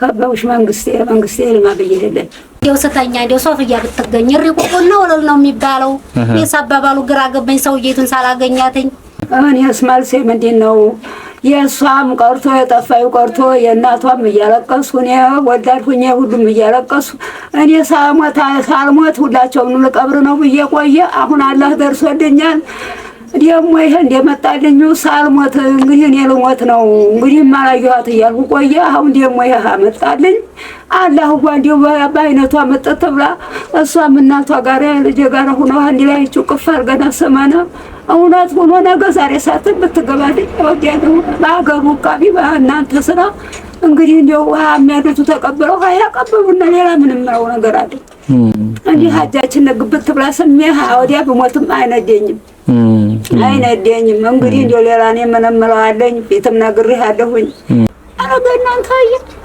ከበውሽ መንግስቴ መንግስቴ ልማ ብዬ ሄደን እንዲያው ስተኛ እንዲያው ሶፍያ ብትገኝ እሪ ቁቁና ወለል ነው የሚባለው። የስ አባባሉ ግራ ገባኝ። ሰውዬቱን ሳላገኛትኝ እኔ ስማልሴ ምንድን ነው የእሷም ቀርቶ የጠፋዩ ቀርቶ የእናቷም እያለቀሱ እኔ ወላድ ሁኜ ሁሉም እያለቀሱ እኔ ሳልሞት ሁላቸውም ልቀብር ነው ብዬ ቆየ። አሁን አላህ ደርሶልኛል። ደግሞ ይሄ እንደመጣልኝ ሳልሞት እንግዲህ እኔ ልሞት ነው እንግዲህ ማላየኋት እያልኩ ቆየ። አሁን ደግሞ ይሄ መጣልኝ አላህ ጓ እንዲ በአይነቷ መጠት ብላ እሷም እናቷ ጋር ልጅ ጋር ሁነ አንድ ላይ ጭቅፍ አድርገን አሰማና እውነት ሆኖ ነገ ዛሬ ሳትን ብትገባልኝ እወዳለሁ። በሀገሩ ቃቢ በእናንተ ስራ እንግዲህ እንዲያው ውሃ የሚያደቱ ተቀብለው ውሃ ሌላ ምንም ነው ነገር አለኝ እንዲህ አጃችን ነግብት ትብላ ስሜ ወዲያ ብሞትም አይነደኝም አይነደኝም። እንግዲህ እንዲ ሌላ እኔ የምንምለዋለኝ ቤትም ነግሬህ አለሁኝ። ኧረ በእናንተ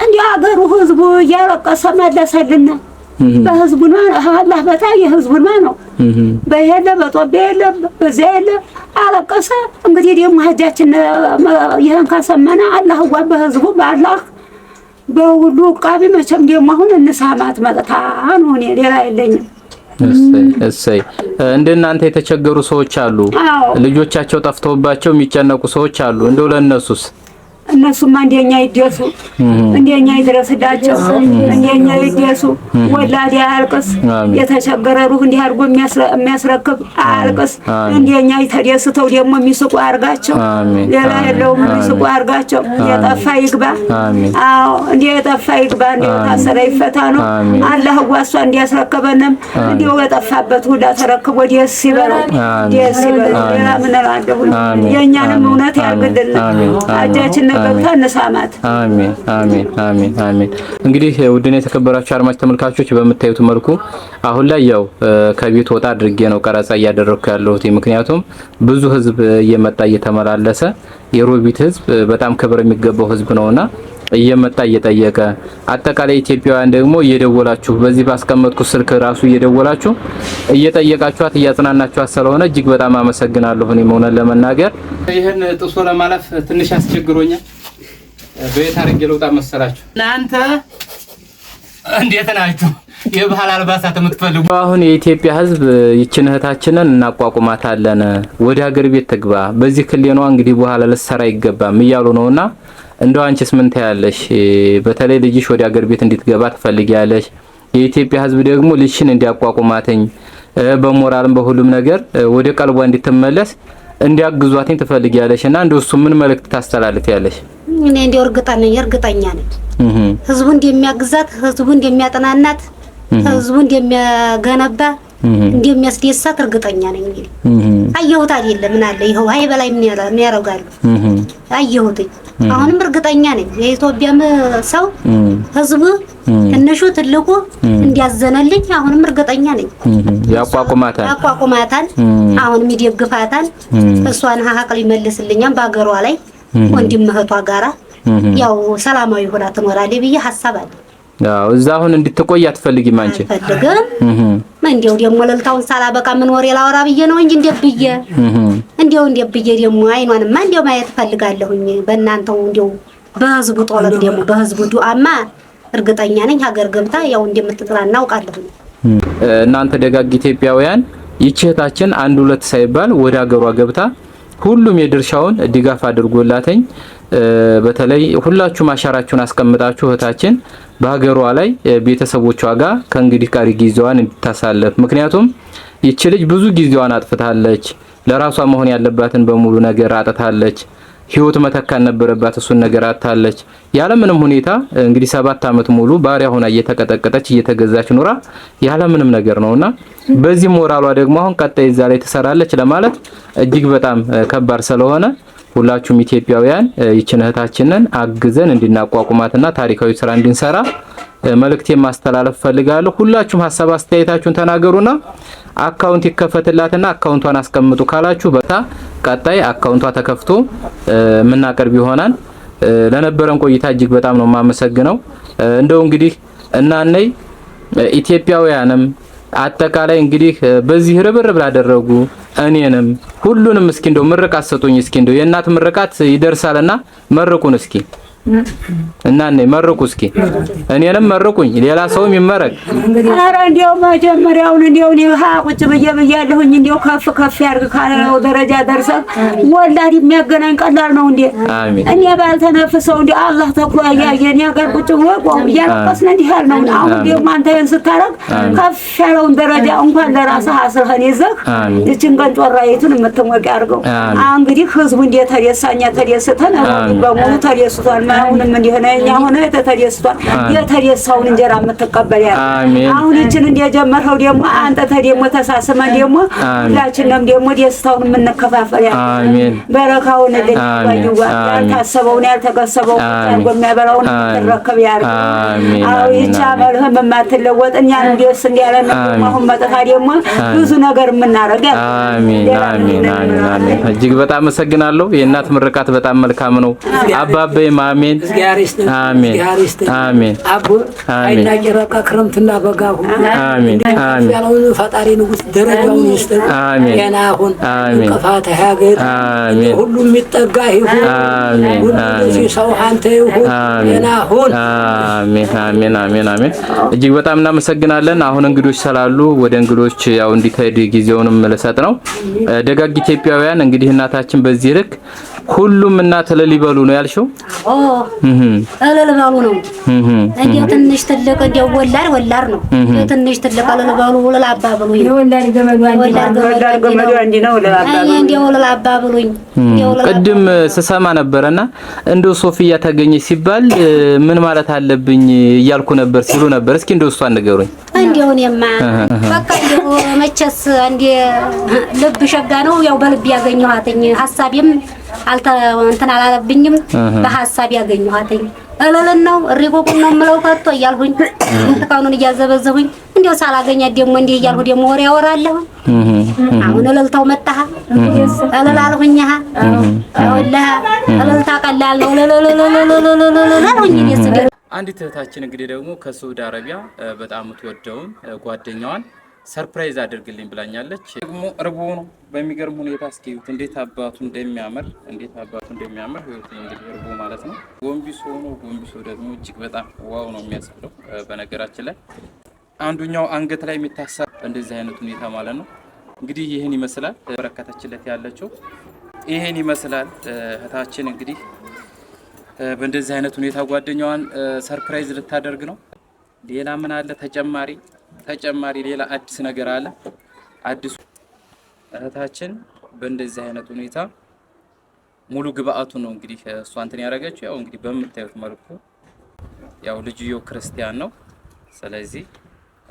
እንዲ አገሩ ህዝቡ እያለቀሰ መለሰልና በህዝቡና አላህ በታ የህዝቡና ነው በየለ በጦቢያ የለ በዚያ የለ አለቀሰ። እንግዲህ ደግሞ ሀጃችን ይህን ካሰመነ አላህ ዋ በህዝቡ በአላህ በሁሉ ቃቢ መቼም ደግሞ አሁን እንሳማት መጥታ ነው። እኔ ሌላ የለኝም። እሰይ እንደ እናንተ የተቸገሩ ሰዎች አሉ። ልጆቻቸው ጠፍተውባቸው የሚጨነቁ ሰዎች አሉ። እንደው ለእነሱስ እነሱማ እንደኛ ይደሱ፣ እንደኛ ይድረስላቸው፣ እንደኛ ይደሱ። ወላድ አያልቅስ፣ የተቸገረ ሩህ እንዲህ የሚያስረክብ አያልቅስ። እንደኛ ተደስተው ደግሞ የሚስቁ አድርጋቸው። ሌላ የለውም፣ የሚስቁ አድርጋቸው። የጠፋ ይግባ። አዎ እንዲህ የጠፋ ይግባ፣ እንዲህ የታሰረ ይፈታ ነው አላህ ዋሷ። እንዲያስረከበንም እንዲሁ የጠፋበት ሁላ ተረክቦ ደስ ይበለው፣ ደስ ይበለው። ሌላ ምን የእኛንም እውነት ያርግልን አጃችን እንግዲህ ውድና የተከበራችሁ አድማጭ ተመልካቾች በምታዩት መልኩ አሁን ላይ ያው ከቤት ወጣ አድርጌ ነው ቀረጻ እያደረኩ ያለሁት። ምክንያቱም ብዙ ህዝብ እየመጣ እየተመላለሰ የሮቢት ህዝብ በጣም ክብር የሚገባው ህዝብ ነውና እየመጣ እየጠየቀ አጠቃላይ ኢትዮጵያውያን ደግሞ እየደወላችሁ በዚህ ባስቀመጥኩት ስልክ ራሱ እየደወላችሁ እየጠየቃችኋት እያጽናናችኋት ስለሆነ እጅግ በጣም አመሰግናለሁ። እኔም መሆነን ለመናገር ይህን ጥሶ ለማለፍ ትንሽ አስቸግሮኛል። በየት አድርጌ ልውጣ መሰላችሁ? እናንተ እንዴት ናችሁ? የባህል አልባሳት የምትፈልጉ አሁን የኢትዮጵያ ሕዝብ ይችን እህታችንን እናቋቁማታለን፣ ወደ ሀገር ቤት ትግባ፣ በዚህ ክሌኗ እንግዲህ በኋላ ልትሰራ አይገባም እያሉ ነውና እንደው አንቺስ ምን ታያለሽ? በተለይ ልጅሽ ወደ ሀገር ቤት እንድትገባ ትፈልጊያለሽ? የኢትዮጵያ ሕዝብ ደግሞ ልጅሽን እንዲያቋቁማትኝ በሞራልም በሁሉም ነገር ወደ ቀልቧ እንድትመለስ እንዲያግዟትኝ ትፈልጊያለሽ እና እንደሱ ምን መልእክት ታስተላልፊያለሽ? እኔ እንደ እርግጠኛ ነኝ እርግጠኛ ነኝ ህዝቡ እንደሚያግዛት ህዝቡ እንደሚያጠናናት ህዝቡ እንደሚያገነባ እንደሚያስደሳት እርግጠኛ ነኝ። እንግዲህ አየሁት አይደለም ምን አለ ይኸው አይ በላይ ምን ያደርጋሉ አየሁትኝ። አሁንም እርግጠኛ ነኝ የኢትዮጵያም ሰው ህዝቡ ትንሹ ትልቁ እንዲያዘነልኝ አሁንም እርግጠኛ ነኝ። ያቋቁማታል ያቋቁማታል አሁንም ይደግፋታል። እሷን ሀቅ ሊመልስልኛም በአገሯ ላይ ወንድም እህቷ ጋራ ያው ሰላማዊ ሆና ትኖራለች ብዬ ሀሳብ አለ። አዎ እዛ አሁን እንድትቆይ አትፈልጊም አንቺ? አልፈልግም። እንዲያው ደግሞ ለልታውን ሳላበቃ ምን ወሬ ላወራ ብዬ ነው እንጂ እንዴት ብዬ እንዲያው እንዴት ብዬ ደግሞ አይኗንማ እንዲያው ማየት እፈልጋለሁኝ። በእናንተው እንዲያው በህዝቡ ጦለት ደግሞ በህዝቡ ዱአማ እርግጠኛ ነኝ ሀገር ገብታ ያው እንደምትጥራ እናውቃለሁኝ። እናንተ ደጋግ ኢትዮጵያውያን ይችህታችን አንድ ሁለት ሳይባል ወደ ሀገሯ ገብታ ሁሉም የድርሻውን ድጋፍ አድርጎላተኝ በተለይ ሁላችሁም አሻራችሁን አስቀምጣችሁ እህታችን በሀገሯ ላይ ቤተሰቦቿ ጋር ከእንግዲህ ቀሪ ጊዜዋን እንድታሳለፍ ምክንያቱም ይች ልጅ ብዙ ጊዜዋን አጥፍታለች። ለራሷ መሆን ያለባትን በሙሉ ነገር አጥታለች። ህይወት መተካን ነበረባት። እሱን ነገር አታለች። ያለምንም ሁኔታ እንግዲህ ሰባት አመት ሙሉ ባሪያ ሆና እየተቀጠቀጠች እየተገዛች ኖራ ያለምንም ነገር ነውና በዚህ ሞራሏ ደግሞ አሁን ቀጣይ እዛ ላይ ትሰራለች ለማለት እጅግ በጣም ከባድ ስለሆነ ሁላችሁም ኢትዮጵያውያን ይችን እህታችንን አግዘን እንድናቋቁማትና ታሪካዊ ስራ እንድንሰራ መልእክቴን ማስተላለፍ ፈልጋለሁ። ሁላችሁም ሀሳብ አስተያየታችሁን ተናገሩና አካውንት ይከፈትላትና አካውንቷን አስቀምጡ ካላችሁ በታ ቀጣይ አካውንቷ ተከፍቶ የምናቀርብ ይሆናል። ለነበረን ቆይታ እጅግ በጣም ነው የማመሰግነው። እንደው እንግዲህ እናነይ ኢትዮጵያውያንም አጠቃላይ እንግዲህ በዚህ ርብርብ ላደረጉ እኔንም ሁሉንም እስኪ እንደው ምርቃት ሰጡኝ። እስኪ እንደው የእናት ምርቃት ይደርሳልና መርቁን እስኪ እና እኔ መርቁ እስኪ እኔንም መርቁኝ፣ ሌላ ሰውም ይመረቅ። አረ እንዲያው መጀመሪያውን እንዲያው እኔ ሀ ቁጭ ብዬ ብያለሁኝ። እንዲያው ከፍ ከፍ ያድርግ ካለው ደረጃ ደርሰህ ወላድ የሚያገናኝ ቀላል ነው እንዴ? አሜን። እኔ ባልተነፍሰው እንዲያው አላህ ተኩሎ ያየ ያገር ቁጭ ብሎ ቆም እያለቀስን እንዲህ ነው። አሁን ደግሞ አንተ ይሄን ስታረግ ከፍ ያለውን ደረጃ እንኳን ለራስህ አስርህን ይዘህ ይችን ቀን ጮራይቱን የምትሞቂ አድርገው። እንግዲህ ህዝቡ እንዴ ተደሳኛ ተደስተን በሙሉ ተደስቷል። አሁንም እንዲሆነ ሆነ ተተደስቷል የተደሳውን እንጀራ የምትቀበል ያ አሁን ይችን እንደጀመርኸው ደግሞ አንተ ተደሞ ተሳስመን ደግሞ ሁላችንም ደግሞ ደስታውን የምንከፋፈል ያ በረካውን ልጅዋ ያልታሰበውን ያልተቀሰበውን ያርጎ የሚያበላውን ረከብ ያርግ። አዎ ይቻ መልህም የማትለወጥ እኛን ደስ እንዲያለን አሁን መጥታ ደግሞ ብዙ ነገር የምናረግ እጅግ በጣም አመሰግናለሁ። የእናት ምርቃት በጣም መልካም ነው አባቤ ማሚ አሜን አሜን። አቦ አይና ክረምትና በጋ ሁሉ አሜን አሜን። ያለውን ፈጣሪ ንጉሥ ደረጃውን ይስጥር። አሜን ገና አሁን እንቅፋት ሀገር አሜን ሁሉ የሚጠጋ ይሁን አሜን አሜን። ሰው አንተ ይሁን ገና አሁን አሜን አሜን አሜን አሜን። እጅግ በጣም እናመሰግናለን። አሁን እንግዶች ስላሉ ወደ እንግዶች ያው እንዲካሄድ ጊዜውንም ልሰጥ ነው። ደጋግ ኢትዮጵያውያን እንግዲህ እናታችን በዚህ ልክ ሁሉም እናት እልል ይበሉ ነው ያልሽው? አዎ እልል በሉ ነው። እንዴ ትንሽ ትልቅ እንዲያው ወላድ ወላድ ነው። ትንሽ ትልቅ እልል በሉ እልል አባብሉኝ። ወላድ ገመዱ አንዲ ነው እልል አባብሉኝ። እንዴ እልል አባብሉኝ። ቅድም ስሰማ ነበረና እንደው ሶፊያ ተገኘች ሲባል ምን ማለት አለብኝ እያልኩ ነበር ሲሉ ነበር። እስኪ እንደው እሷን ንገሩኝ። እንዴው እኔማ በቃ እንዴው መቼስ አንዴ ልብ ሸጋ ነው። ያው በልብ ያገኘኋትኝ ሀሳቤም አልተ እንትን አላለብኝም። በሀሳብ ያገኘኋትኝ እልልን ነው ሪቦቡን ነው የምለው ከቶ እያልሁኝ እያዘበዘሁኝ እንዲያው ሳላገኛት ደግሞ እንዲህ እያልሁ ደግሞ ወሬ ያወራለሁ። አሁን እልልታው መጣህ እልል አልሁኝ። ወላሂ እልልታ ቀላል ነው ሰርፕራይዝ አድርግልኝ ብላኛለች። ደግሞ እርቦ ነው በሚገርም ሁኔታ እስኪዩት እንዴት አባቱ እንደሚያምር እንዴት አባቱ እንደሚያምር ህይወት እንግዲህ እርቦ ማለት ነው። ጎንቢሶ ነው። ጎንቢሶ ደግሞ እጅግ በጣም ዋው ነው የሚያስብለው። በነገራችን ላይ አንዱኛው አንገት ላይ የሚታሰር እንደዚህ አይነት ሁኔታ ማለት ነው። እንግዲህ ይህን ይመስላል በረከተችለት ያለችው ይህን ይመስላል እህታችን እንግዲህ በእንደዚህ አይነት ሁኔታ ጓደኛዋን ሰርፕራይዝ ልታደርግ ነው። ሌላ ምን አለ ተጨማሪ ተጨማሪ ሌላ አዲስ ነገር አለ። አዲሱ እህታችን በእንደዚህ አይነት ሁኔታ ሙሉ ግብአቱ ነው እንግዲህ እሷ እንትን ያደረገችው። ያው እንግዲህ በምታዩት መልኩ ያው ልጅዮ ክርስቲያን ነው። ስለዚህ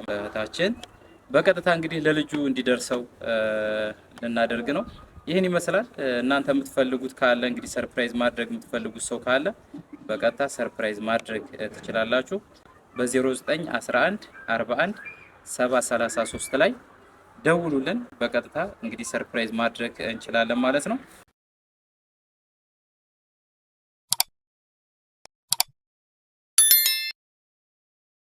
እህታችን በቀጥታ እንግዲህ ለልጁ እንዲደርሰው ልናደርግ ነው። ይህን ይመስላል። እናንተ የምትፈልጉት ካለ እንግዲህ ሰርፕራይዝ ማድረግ የምትፈልጉት ሰው ካለ በቀጥታ ሰርፕራይዝ ማድረግ ትችላላችሁ በ0911 41 733 ላይ ደውሉልን። በቀጥታ እንግዲህ ሰርፕራይዝ ማድረግ እንችላለን ማለት ነው።